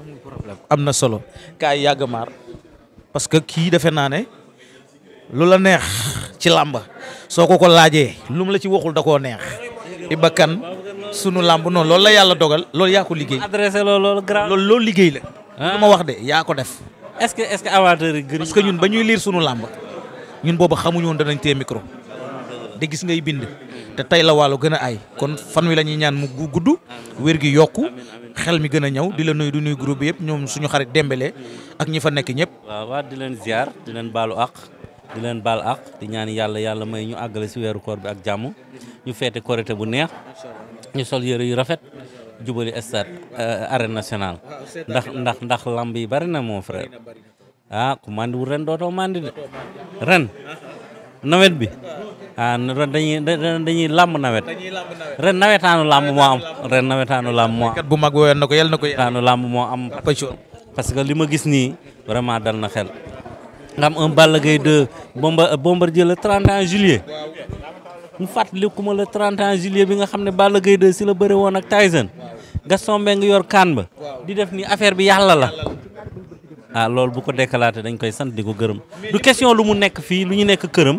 amul am na solo kaay yàgg maar parce que kii defe naa ne lu la neex ci làmb soo ko ko laajee lu mu la ci waxul da koo neex Iba Kane sunu làmb noonu loolu la yàlla dogal loolu yaa ko liggéey. adressé loolu loolu loolu liggéey la. Ah. lu ma wax de yaa ko def. est-ce que est-ce que amateur yi ñun ba ñuy liir sunu làmb ñun boobu xamuñu woon danañ téye micro. de gis ngay bind. te tey la wàllu gën a aay kon fan wi la ñuy ñaan mu gudd wér gi yokk xel mi gën a ñëw di la nuy du nuyu groupe yëpp ñoom suñu xarit Dembélé ak ñi fa nekk ñëpp. waaw di leen ziar di leen baalu àq di leen baal àq di ñaan yàlla yàlla may ñu àggale si weeru koor bi ak jàmm ñu feete korité bu neex ñu sol yére yu rafet jubali stade euh, arène nationale ndax ndax ndax lamb yi bari na mon frère ah ku ren dootoo màndi de ren. nawet bi ah ren dañuy dañuy làmb nawet. ren nawetaanu làmb moo am. ren nawetaanu làmb moo am. kat bu mag woyoon na ko yal na ko. nawetaanu làmb moo am. parce que li ma gis nii vraiment dal na xel. nga am un Balla Gaye 2 bomba Bombardier le 31 juillet. mu fàttaliku ma le 31 juillet bi nga xam ne Balla Gaye 2 si la bëre woon ak Tyson. Gaston Mbengue yor kaan ba. di def ni affaire bi yàlla la. ah loolu bu ko dekkalaate dañ koy sant di ko gërëm lu question lu mu nekk fii lu ñu nekk këram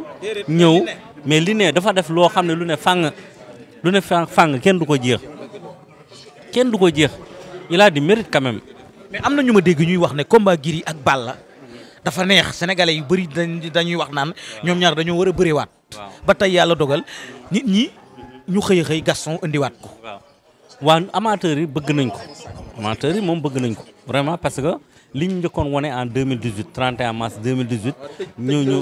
ñëw mais li ne dafa def loo xam ne lu ne fàng lu ne fàng kenn du ko jeex kenn du ko jeex il a du mérite quand am na ñu ma dégg ñuy wax ne combat Gris ak Balla dafa neex senegale yu bëri dañuy wax naan ñoom ñaar dañoo war a bëriwaat. ba tey yàlla dogal nit ñi ñu xëy xëy Gaston indiwaat ko. waaw waa amateurs yi bëgg nañ ko amateurs moom bëgg nañ ko vraiment li ñu njëkkoon wane en 2018 31 mars 2018 ñooñu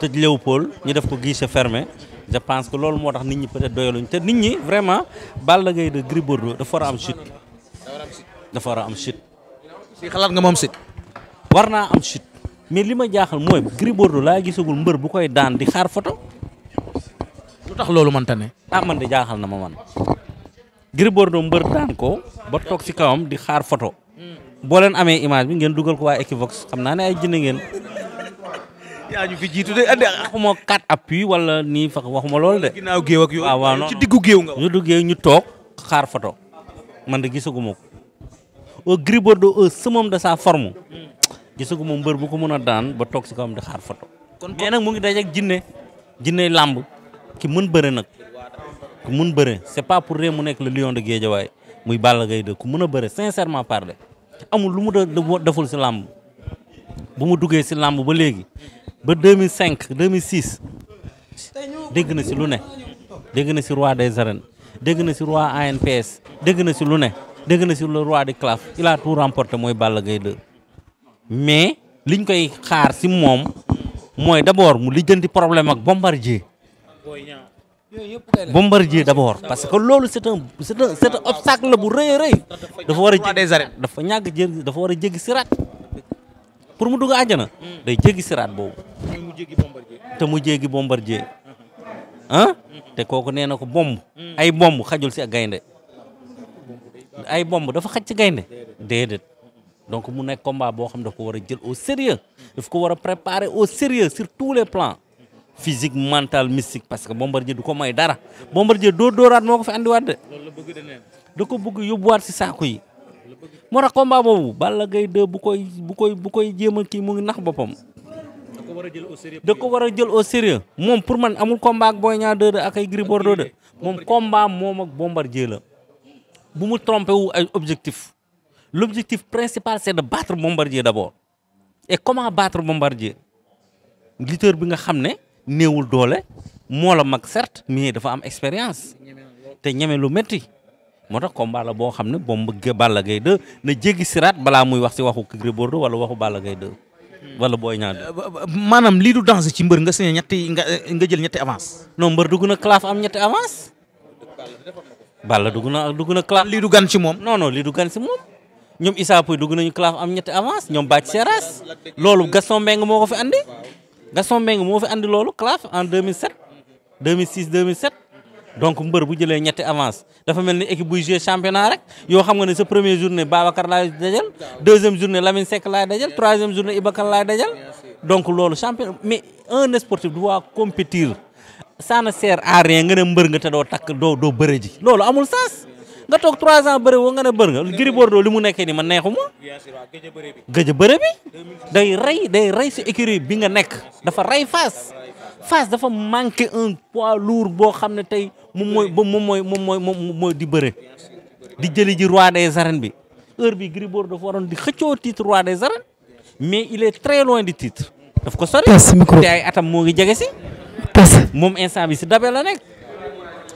tëj Léopold ñu def ko guichet fermé je pense que loolu moo tax nit ñi peut-être doyaluñ te nit ñi vraiment Balla Gaye de Gris Bordeaux dafa war a am chute. dafa war a am chute. si nga moom chute. war naa am chute mais li ma jaaxal mooy Gris Bordeaux laa gisagul mbër bu koy daan di xaar photo lu tax loolu mënta ne. ah man de jaaxal na ma man Gris Bordeaux mbër daan ko ba toog ci kawam di xaar photo boo leen amee image bi ngeen dugal ko waa Equivox xam naa ne ay jënd ngeen. yaa ñu fi appui wala nii fa waxuma loolu de. ginnaaw géew ak yow. Ah, waaw non diggu géew nga. ñu duggee ñu toog xaar photo man de gisaguma ko. au Gris Bordeaux au summum de sa forme. gisaguma mbër bu ko mën a daan ba toog si kawam di xaar photo. kon mais nag mu ngi dajeeg jinne jinne làmb ki mën bëre nag ku mën bëre c'est pas pour rien mu nekk le lion de Guédiawaye muy Balla Gaye de ku mën a bëre par parler. amul lu mu deful si làmb bu mu duggee si làmb ba léegi ba 2005 2006 dégg na si lu ne dégg na si roi des arènes dégg na si roi ANPS dégg na si lu ne dégg na si le roi des claf il a tout mooy Balla Gaye 2 mais liñ koy xaar si moom mooy d'abord mu lijjanti problème ak Bombardier Bombardier d'abord parce que loolu c'est un c'est un c'est la bu rëy a rëy dafa war a des arènes dafa ñàgg jé dafa war a jéggi siraat pour mu dugg àjjana mm. day jéggi siraat boobu te mu jéggi Bombardier ah te kooku nee na ko bomb mm. ay bomb xajul si ak gaynde ay bomb dafa xaj ci gaynde déedéet donc mu nekk komba boo xam daf ko jël au sérieux daf ko war a au sérieux sur les plans physique mental mystique parce que Bombardier du ko may dara Bombardier doo dooraat moo ko fi andiwaat de. da ko bëgg yóbbuwaat si saako yi. moo tax combat boobu Balla Gaye 2 bu koy bu koy bu koy jéemal kii mu ngi nax boppam. da ko war a jël au da ko war a jël au sérieux moom pour man amul combat ak Boy Niang 2 de ak ay Gris Bordeaux de moom combat moom ak Bombardier la. bu mu trompé wu ay objectif l' objectif principal c' est baat battre Bombardier d' abord et comment battre Bombardier lutteur bi nga xam ne. néewul doole moo la mag certes mais dafa am expérience te ñeme lu métti moo tax kom la boo xam ne bomb Balla Gaye 2 na jéggi siraat balaa muy wax si waxu Gris Bordeaux wala waxu Balla gay 2 wala Boy Niang euh, euh, maanaam lii du danger ci mbër nga signé ñetti nga euh, nga jël ñetti avance non mbër dugg na claf am ñetti avance Balla dugg na dugg na claf lii du gan ci moom non non lii du ñoom Issa Pouye dugg nañu claf am ñetti avance ñoom Bathie Seras moo ko andi Gaston Mbengue moo fi andi loolu CLAF en 2007 2006 2007 donc mbër bu jëlee ñetti avance dafa mel ni équipe buy jouer championnat rek yoo xam nga ne sa première journée Babacar laay dajal deuxième journée Lamine Seck laay dajal troisième journée Ibakar laay dajal donc loolu championnat mais un sportif doit compétir ça ne sert à rien nga ne mbër nga te doo takk doo doo bëre ji loolu amul sens. nga toog 3 ans bëre woo nga ne bër nga Gris Bordeaux li mu nekkee nii man neexuma. gëj a bëre bi. day rey day rey si écurie bi nga nekk dafa rey Fass Fass dafa manqué un pois lourd boo xam ne tey moom mooy moom mooy moom mooy moom mooy di bëre. di jëli roi des arènes bi heure bi Gris Bordeaux dafa waroon di xëccoo titre roi des arènes mais il est très loin du titre. daf ko sori te ay atam moo ngi jege si. moom instant bi si dabe la nekk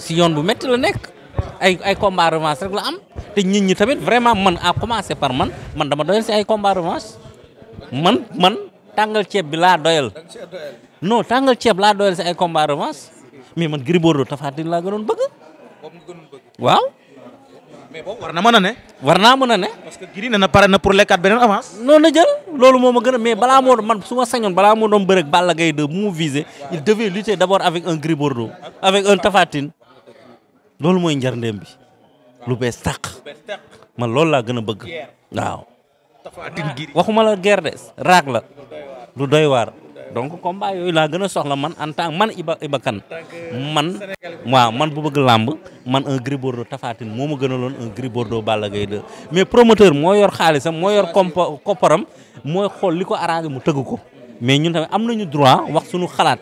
si yoon bu métti la nekk. ay ay combat revanche rek la am te nit ñi tamit vraiment man a commencer par man man dama doyal si ay combat man man tàngal ceeb bi laa doyal non tàngal ceeb laa doyal si ay combat revanche mais man Gris Bordeaux Tapha Tine laa gënoon bëgg waaw. mais a naa mën a ne. parce que Gris na pare pour lekkaat beneen avance. non na jël loolu moo balaa moo man su ma sañoon balaa moo doon bëreeg Balla Gaye 2 bu mu visé il devait lutter d' abord avec un Gris Bordeaux avec un Tapha loolu mooy njarndeem bi lu bees tàq ma loolu laa gën a bëgg waaw waxuma la guerre de raag la lu doy waar donc combat yooyu laa gën a soxla man en tant man Iba Iba Kane man waaw man bu bëgg làmb man un Gris Bordeaux Tapha Tine moo ma gënaloon un Gris Bordeaux Balla Gaye 2 mais promoteur moo yor xaalisam moo yor kompa kopparam mooy xolli ko arrangé mu tëgg ko mais ñun tamit am nañu droit wax sunu xalaat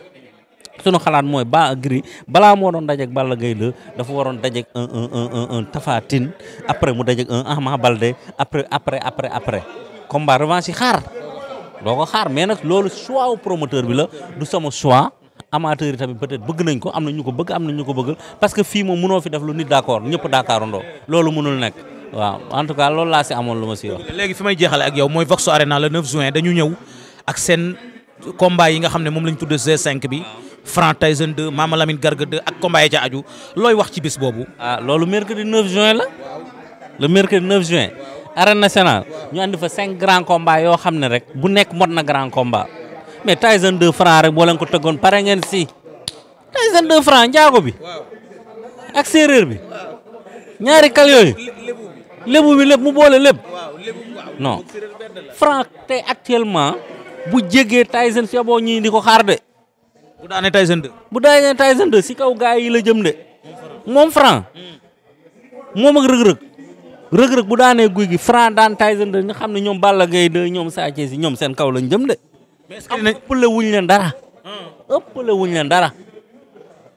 sunu xalaat mooy Ba gri balaa moo doon dajeeg Balla gay la dafa waroon dajeeg un un après mu dajeeg un Ama Baldé après après après après combat revanche yi xaar doo ko xaar mais nag loolu choix wu promoteur bi la du sama choix amateur yi tamit peut-être bëgg nañ ko am na ñu ko bëgg am na ñu ko bëgg parce que fii moom mënoo fi def lu nit d'accord ñëpp d'accordandoo loolu mënul nekk waaw en tout cas loolu laa si amoon lu ma si wax. léegi fi may jeexale ak yow mooy Vox Arena le 9 juin dañu ñëw ak seen combat yi nga xam ne moom lañ tuddee G5 bi. Franc Tyson 2 Mama Lamine Garga ak combat yi aju looy wax ci bis boobu. ah loolu mercredi 9 juin la le mercredi 9 juin. arène nationale ñu andi fa cinq grands combats yoo xam ne rek bu nekk mot na grand combat mais Tyson 2 rek boo leen ko tëggoon pare ngeen si. Tyson 2 Franc njaago bi ak séeréer bi ñaari kal yooyu lébu bi lépp mu boole lépp non Franc actuellement bu jégee Tyson fi boo ñii ko xaar de. bu daanee Tyson 2. bu daanee Tyson si kaw gaay yi jëm de. moom Franc. moom ak rëg-rëg. rëg-rëg bu daanee guy gi Franc daan Tyson 2 nga xam ne ñoom Balla Gaye 2 ñoom Sa Thiès ñoom sen kaw lañ jëm de. mais est-ce que ëppale wuñ leen dara. Hmm. ëppale wuñ leen dara.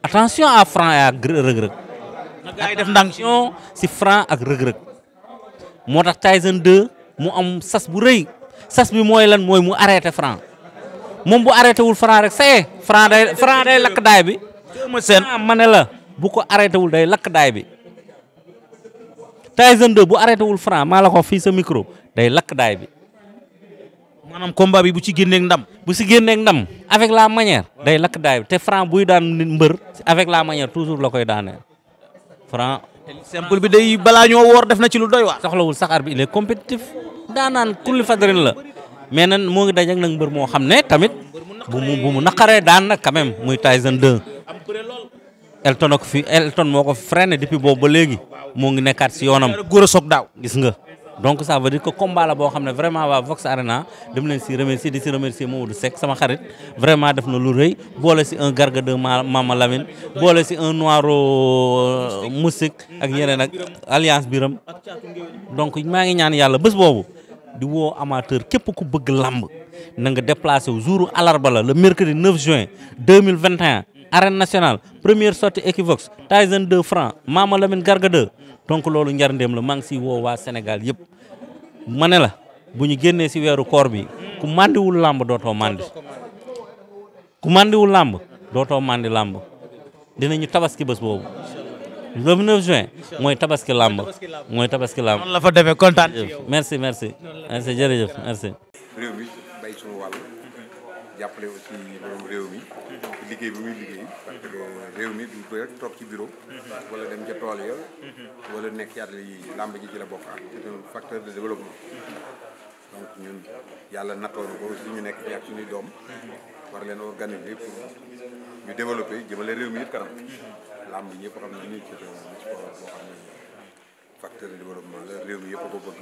attention à Franc et à rëg-rëg. na gaay yi def si Franc ak rëg-rëg. moo tax Tyson 2 mu am sas bu rëy sas bi mooy lan mooy mu arrêté Franc. moom bu arrêté wul Franc rek saye Franc day Franc day lakk daay bi. seen ma la bu ko arrêté wul day lakk bi. Tyson 2 bu arrêté wul Franc maa la ko fii sa micro day lakk daay bi. maanaam combat bi bu ci génneeg ndam. bu si génneeg ndam avec la manière day lakk daay bi te Franc buy daan mbër avec la manière toujours la koy daanee Franc. bi day balaa ñoo woor def na ci lu doy waar. soxlawul saxaar bi il est compétitif daanaan kulli fadrin la. mais nan moo ngi dajeeg nag mbër moo xam ne tamit bu mu bu mu naqaree daan nag quand même muy Tyson 2. Elton ak fi moo ko freiné depuis boobu ba léegi moo ngi nekkaat si yoonam. góor a soog daaw gis nga. donc ça di ko que boo xam ne vraiment waa Vox Arena dem ne si remercier di si remercier Maodo Seck sama xarit vraiment def na lu rëy boole si un garga de Mama Lamine boole si un noiro euh, musique ak yeneen ak alliance biram donc maa ngi ñaan yàlla bés boobu. di woo amateur képp ku bëgg làmb na nga déplacé wu jouru alarba la le mercredi 9 juin 2021 arène nationale première sortie Equivox Tyson 2 de Mama Lamine Garga 2 donc loolu njar ndéem la maa ngi siy woo waa senegal yëpp ma ne la bu ñu génnee si weeru koor bi ku màndiwul làmb dootoo màndi ku màndiwul làmb dootoo màndi làmb dinañu tabaski bés boobu le 9 juin mooy tabaski làmb mooy tabaski làmb. noonu la fa demee kontaan merci merci merci jërëjëf merci. réew mi bay suñu wàll jàppale aussi borom réew mi ci liggéey bi muy liggéey parce que réew mi duñ ko rek toog ci bureau wala dem ca tool ya wala nekk ci àll yi làmb ji ci la bokk ak c'est un facteur de développement. yàlla nattoo na ko ñu nekk fi ak suñuy doom war leen organiser pour ñu développer jëmale réew mi it kanam bi ñëpp xam ne ñu ci réew mi ci boo xam ne facteur de développement la réew mi yëpp a ko bëgg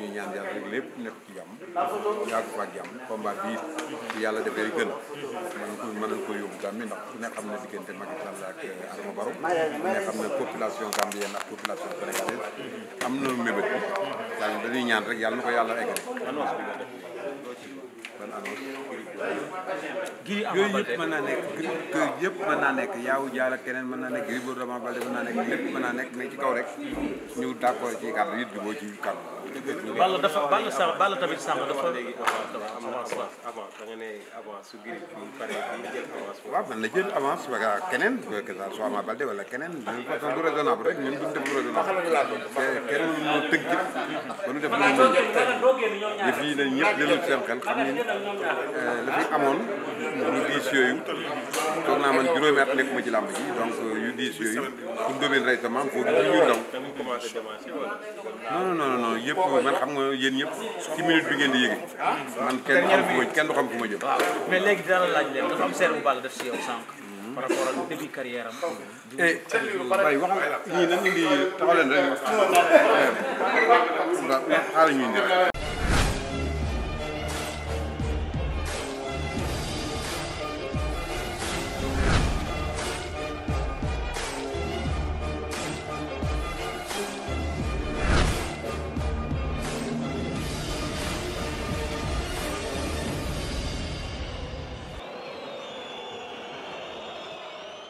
ñu ñaan yàlla rek lépp nekk ci jàmm yàgg fa jàmm combat ba ci yàlla defee gën man ko mën nañ ko yóbbu Gàmbi ndax ku ne xam ne diggante Macky Sall ak euh, Adama Barrow ku ne xam ne population gambienne ak am na lu mébét bi daal dañuy ñaan rek yàlla na ko yàlla eggale ban alors giri yooyu yëpp mën naa nekk giri yëpp mën naa nekk yaawu jaal ak keneen mën naa nekk giri boobu Ama Baldé mën naa nekk lépp mën naa nekk mais ci kaw rek ñu d'accord ci kàddu yi jubóo ci kàddu Balla dafa Balla sax Balla tamit sax dafa da nga ne avance jël avance. waaw man la jël avance ba keneen que ça soit Ama Baldé wala keneen d'une façon bu raisonnable rek ñun duñ def lu raisonnable. keneen moo tënk ci ba ñu def lu ñu yëf yi ne ñëpp dellu seen xel xam ni euh, la fi amoon ñu diis yooyu toog naa man juróomi at nekkuma ci làmb ji donc. dix yooyu ku ngëbeen rey sa maam foofu ñuy daw non non non yëpp man xam nga yéen ñëpp ci minute bi ngeen di yëge man kenn xam fu ma du xam fu ma jëm ah, mais léegi dana laaj leen dafa am seer bu bàll def si yow sànq par rapport ak début carrière am eh waaye waxal a nan ñu ngi rek eh, waaw xaaral ñu